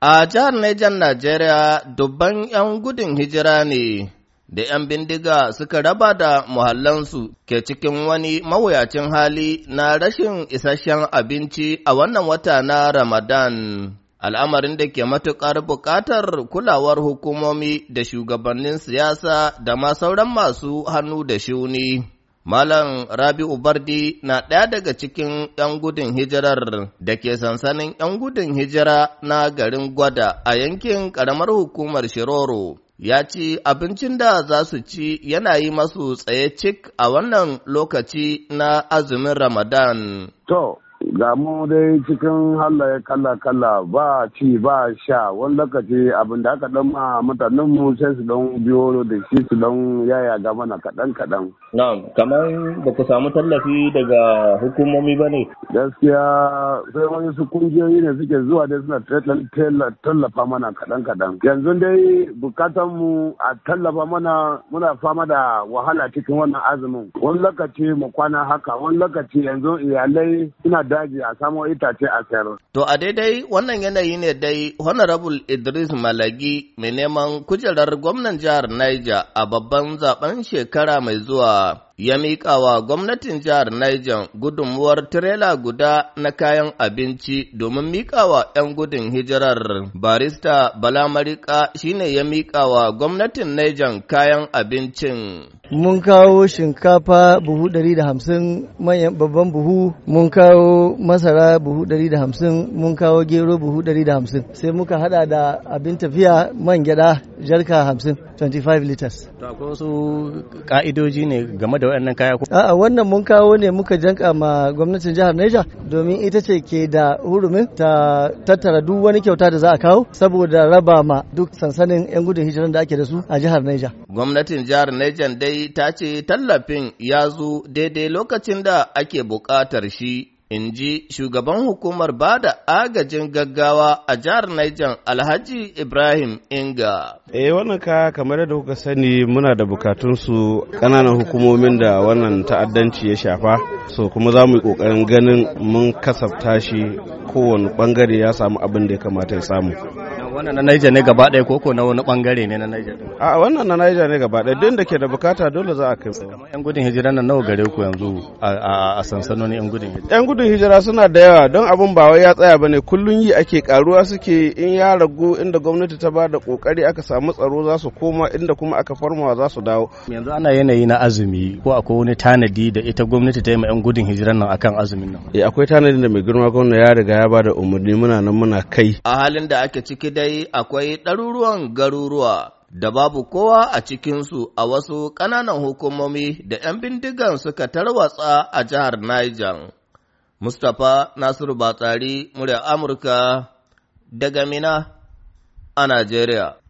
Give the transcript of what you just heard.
A jihar Nijar Najeriya dubban ‘yan gudun hijira ne da ‘yan bindiga suka raba da muhallansu ke cikin wani mawuyacin hali na rashin isasshen abinci a wannan wata na Ramadan. Al'amarin da ke matuƙar buƙatar kulawar hukumomi da shugabannin siyasa da ma sauran masu hannu da shuni. Malam Rabi'u Bardi na ɗaya daga cikin ‘yan gudun hijirar da ke sansanin ‘yan gudun hijira na garin Gwada a yankin ƙaramar hukumar Shiroro. Ya ci abincin da za su ci yana yi masu tsaye cik a wannan lokaci na azumin Ramadan. To, ga mu dai cikin halaye kala-kala ba ci ba sha wani lokaci abin da aka ɗan ma mutanenmu sai su don biyo da shi su don yaya ga mana kaɗan-kaɗan. Na'am, kamar ba ku samu tallafi daga hukumomi ba ne? Gaskiya sai wani su kungiyoyi ne suke zuwa dai suna tallafa mana kaɗan-kaɗan. Yanzu dai bukatan mu a tallafa mana muna fama da wahala cikin wannan azumin. Wani lokaci mu kwana haka, wani lokaci yanzu iyalai suna daji a samo itace a sayar. To a daidai wannan yanayi ne dai Honorable Idris Malagi mai neman kujerar gwamnan jihar Niger a babban zaben shekara mai zuwa ya miƙa wa gwamnatin jihar Niger gudunmuwar tirela guda na kayan abinci domin miƙa wa 'yan gudun hijirar. Barista Bala Marika shine ya miƙa wa gwamnatin Niger kayan abincin. mun kawo shinkafa buhu 150 manyan babban buhu mun kawo masara buhu 150 mun kawo gero buhu 150 sai muka hada da abin tafiya man gyada jarka 50 25 liters to akwai wasu ka'idoji ne game da waɗannan kaya ko a'a wannan mun kawo ne muka janka ma gwamnatin jihar Niger domin ita ce ke da hurumin ta tattara duk wani kyauta da za a kawo saboda raba ma duk sansanin 'yan gudun hijiran da ake da su a jihar Niger gwamnatin jihar Niger dai Buhari ta ce tallafin ya zo daidai lokacin da ake buƙatar shi, in ji shugaban hukumar ba da agajin gaggawa a jihar Niger Alhaji Ibrahim Inga. E wannan ka kamar da kuka sani muna da bukatunsu ƙananan hukumomin da wannan ta'addanci ya shafa, so kuma za mu yi ƙoƙarin ganin mun kasafta shi kowane ɓangare ya samu abin da ya kamata ya samu. wannan na Niger ne gaba ɗaya koko na wani bangare ne na Niger a wannan na Niger ne gaba ɗaya duk da ke da bukata dole za a kai su kamar yan gudun hijira nan nawa gare ku yanzu a sansanoni yan gudun hijira yan gudun hijira suna da yawa don abin ba wai ya tsaya bane kullun yi ake karuwa suke in ya ragu inda gwamnati ta ba da kokari aka samu tsaro za su koma inda kuma aka farmawa za su dawo yanzu ana yanayi na azumi ko akwai wani tanadi da ita gwamnati ta yi ma yan gudun hijiran nan akan azumin nan eh akwai tanadin da mai girma gwamnati ya riga ya ba da umarni muna nan muna kai a halin da ake ciki dai dai akwai ɗaruruwan garuruwa da babu kowa a cikinsu a wasu ƙananan hukumomi da ‘yan bindigan suka tarwatsa a jihar Niger. Mustapha Nasiru Batsari, murya Amurka, daga Mina a Najeriya.